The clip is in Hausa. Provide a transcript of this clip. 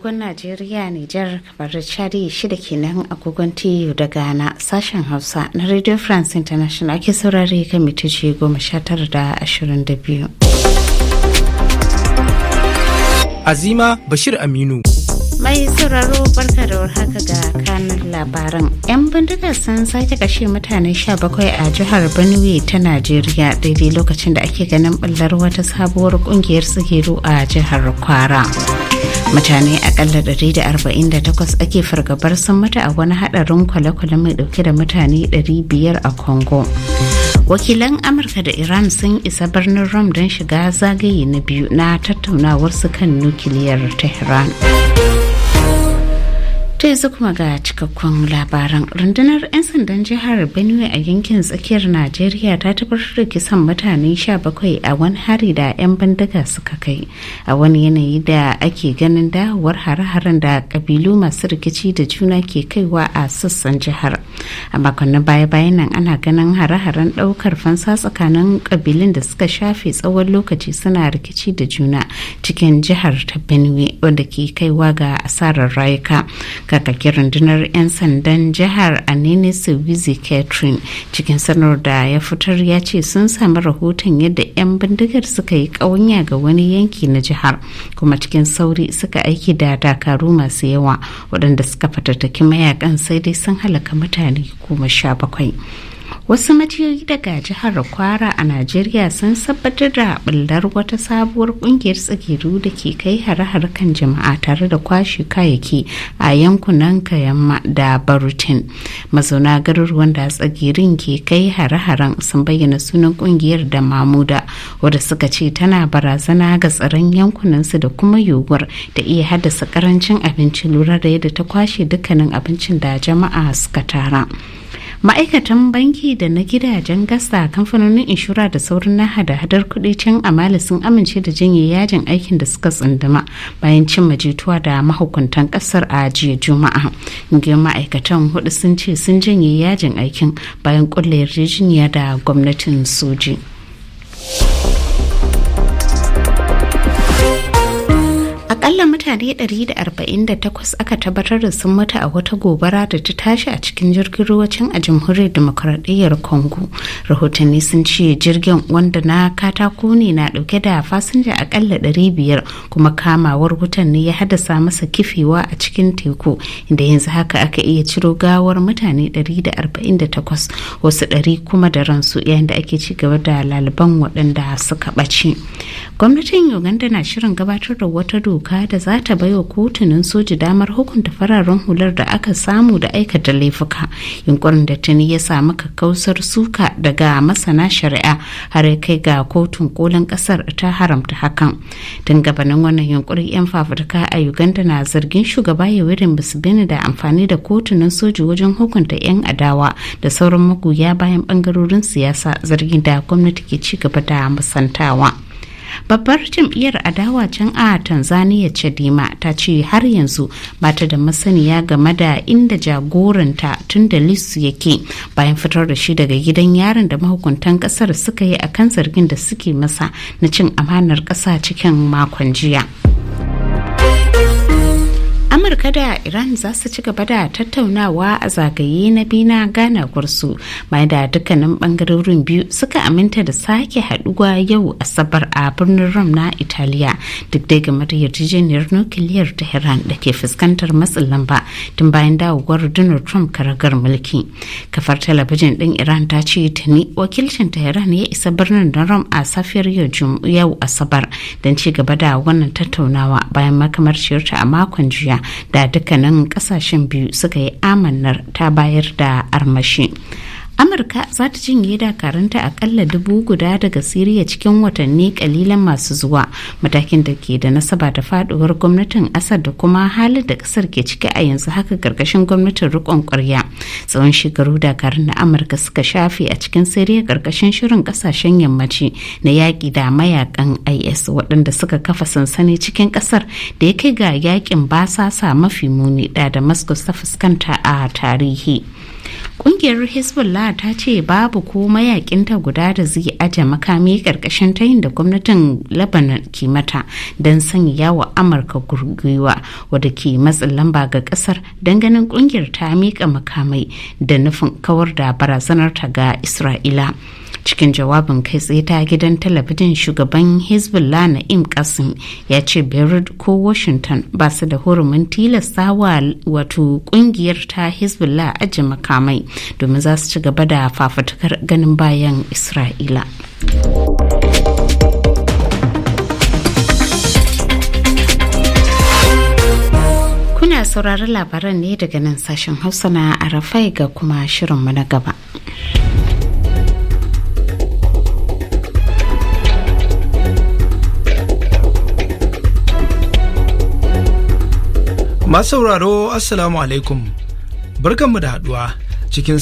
agogon najeriya nijar kamar chadi shida kenan agogon tiyu da ghana sashen hausa na radio france international ake saurare kan mitoci goma sha tara da ashirin da biyu azima bashir aminu Mai sauraro barka da haka ga kanan labaran. 'Yan bindiga sun sake kashe mutane 17 a jihar Benue ta Najeriya daidai lokacin da ake ganin ɓullar wata sabuwar kungiyar sigiru a jihar Kwara. Mutane akalla 148 ake fargabar sun mutu a wani haɗarin kwale-kwale mai ɗauke da mutane 500 a Congo. wakilan amurka da iran sun isa birnin rom don shiga zagaye na biyu na tattaunawar su kan nukiliyar tehran ta yanzu kuma ga cikakkun labaran rundunar 'yan sandan jihar benue a yankin tsakiyar najeriya ta tabbatar da kisan mutane 17 a wani hari da 'yan bandaga suka kai a wani yanayi da ake ganin dawowar hare-haren da kabilu masu rikici da juna ke kaiwa a sassan jihar a makonnin baya-bayan nan ana ganin hare-haren daukar fansa tsakanin kabilun da suka shafe tsawon lokaci suna rikici da juna cikin jihar ta benue wanda ke kaiwa ga asarar rayuka kiran rundunar 'yan sandan jihar anini subizi catherine cikin sanar da ya fitar ya ce sun sami rahoton yadda 'yan bindigar suka yi kawunya ga wani yanki na jihar kuma cikin sauri suka aiki da dakaru masu yawa waɗanda suka fatattaki mayakan sai dai sun halaka mutane goma sha bakwai wasu majiyoyi daga jihar kwara a najeriya sun sabbatar da bullar wata sabuwar kungiyar tsigiru da ke kai hare-hare kan jama'a tare da kwashe kayayyaki a yankunan kayamma da barutin mazauna garuruwan da tsagirin ke kai hare-haren sun bayyana sunan kungiyar da mamuda wadda suka ce tana barazana ga tsaron yankunansu da kuma yiwuwar da iya haddasa karancin abinci lura da yadda ta kwashe dukkanin abincin da jama'a suka tara. ma'aikatan banki da na gidajen gasa kamfanonin inshura da saurin na hada-hadar kuɗi can mali sun amince da janye yajin aikin da suka tsunduma bayan cin majituwa da mahukuntan kasar a jiya juma'a gin ma'aikatan hudu sun ce sun janye yajin aikin bayan kulle yarjejeniya da gwamnatin soji. akalla mutane 148 aka tabbatar da sun mutu a wata gobara da ta tashi a cikin jirgin ruwacin a jamhuriyar demokaradiyyar congo rahotanni sun ce jirgin wanda na katako ne na dauke da fasinja akalla 500 kuma kamawar wutan ne ya haddasa masa kifewa a cikin teku inda yanzu haka aka iya ciro gawar mutane 148 wasu 100 kuma da ransu yayin da ake ci gaba da laliban waɗanda suka ɓace gwamnatin uganda na shirin gabatar da wata doka doka da za ta bai wa kotunan soji damar hukunta fararen hular da aka samu da aikata laifuka yunkurin da tuni ya samu kakkausar suka daga masana shari'a har ya kai ga kotun kolin kasar ta haramta hakan tun gabanin wannan yunkurin yan fafutuka a uganda na zargin shugaba yoweri museveni da amfani da kotunan soji wajen hukunta yan adawa da sauran magoya bayan bangarorin siyasa zargin da gwamnati ke ci gaba da musantawa. babbar jam'iyyar adawa can a tanzania chadima ta ce har yanzu ba ta da masaniya game da inda jagoranta tun da lissu yake bayan fitar da shi daga gidan yaron da mahukuntan kasar suka yi a kan zargin da suke masa na cin amanar ƙasa cikin makon jiya. amurka da iran za su ci gaba da tattaunawa a zagaye na bina gana ganawar bayan da dukkanin bangarorin biyu suka aminta da sake haduwa yau asabar a birnin rom na italiya duk da game da yarjejeniyar nukiliyar tehran da ke fuskantar matsin lamba tun bayan dawowar donald trump karagar mulki kafar talabijin din iran ta ce tuni wakilcin tehran ya isa birnin na rom a safiyar yau asabar don ci gaba da wannan tattaunawa bayan makamarciyarta a makon jiya da dukkanin kasashen biyu suka yi amannar ta bayar da armashi amurka za ta cinye dakarunta akalla dubu guda daga siriya cikin watanni kalilan masu zuwa matakin da ke da nasaba da faduwar gwamnatin asad da kuma halin da kasar ke ciki a yanzu haka karkashin gwamnatin rikon kwarya tsawon shekaru dakarun na amurka suka shafe a cikin siriya karkashin shirin kasashen yammaci na yaƙi da mayakan is waɗanda suka kafa sansani cikin kasar da ya kai ga yaƙin basasa mafi muni da damascus ta fuskanta a tarihi kungiyar hezbollah ta ce babu ko mayakinta guda da zai aje makami karkashin tayin da gwamnatin lebanon ke mata don sanya wa amurka gurgiwa wadda ke matsin lamba ga kasar don ganin kungiyar ta miƙa makamai da nufin kawar da barazanar ta ga isra'ila cikin jawabin kai tsaye ta gidan talabijin shugaban hezbollah na'im kasim ya ce beirut ko washington ba su da hurumin tilasta wa wato kungiyar ta hezbollah aji makamai domin za su ci gaba da fafatukar ganin bayan isra'ila kuna saurari labaran ne daga nan sashen hausa na arafai ga kuma shirinmu na gaba masu sauraro assalamu alaikum barkanmu da haduwa cikin